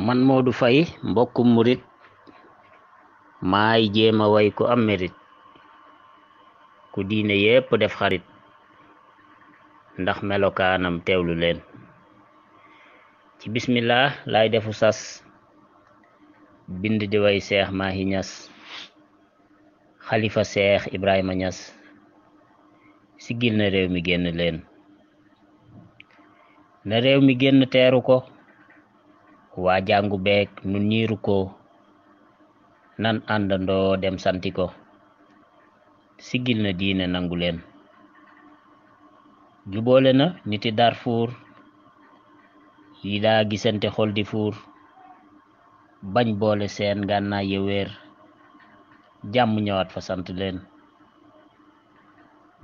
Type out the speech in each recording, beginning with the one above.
man Modou Faye mbokku murit maay jéema way ku am mérit ku diine yépp def xarit ndax melokaanam teewlu leen ci bismillah lay defu sas bind di way seex Mahi Ñas xalifa seex Ibrahima Ñas siggil na réew mi génn leen na réew mi génn teeru ko waa jàngu beek nu niiru ko nan àndandoo dem santi ko siggil na diine nangu leen juboole na niti darfuur yi daa gisante xol di fuur bañ boole seen gànnaay ya wéer jàmm ñëwaat fa sant leen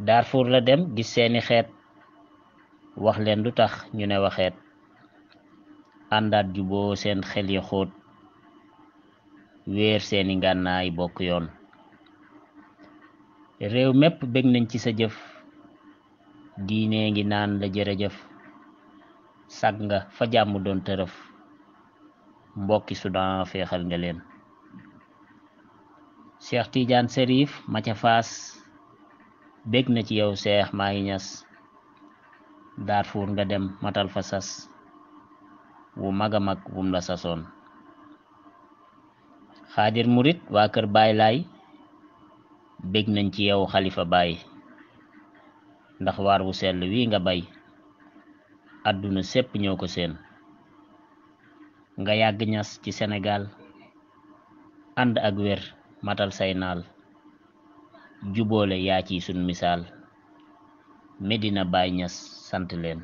Darfour la dem gis seeni xeet wax leen lu tax ñu ne waxeet àndaat juboo seen xel ya xóot wéer seeni ngànnaay bokk yoon réew mépp bég nañ ci sa jëf diine ngi naan la jërëjëf sag nga fa jàmm doon tërëf mbokki Sudan feexal nga leen Cheikh Tidiane Serif ma ca faas bég na ci yow Cheikh Mahi Niass Darfour nga dem matal fa sas wu mag a mag wum la sasoon xaadir murit waa kër baay laay bég nañ ci yow xalifa baay ndax waar wu sell wii nga bay àdduna sépp ñoo ko seen nga yàgg ñas ci Sénégal ànd ak wér matal say naal juboole yaa ci suñu misaal Medina Baay Ñas sant leen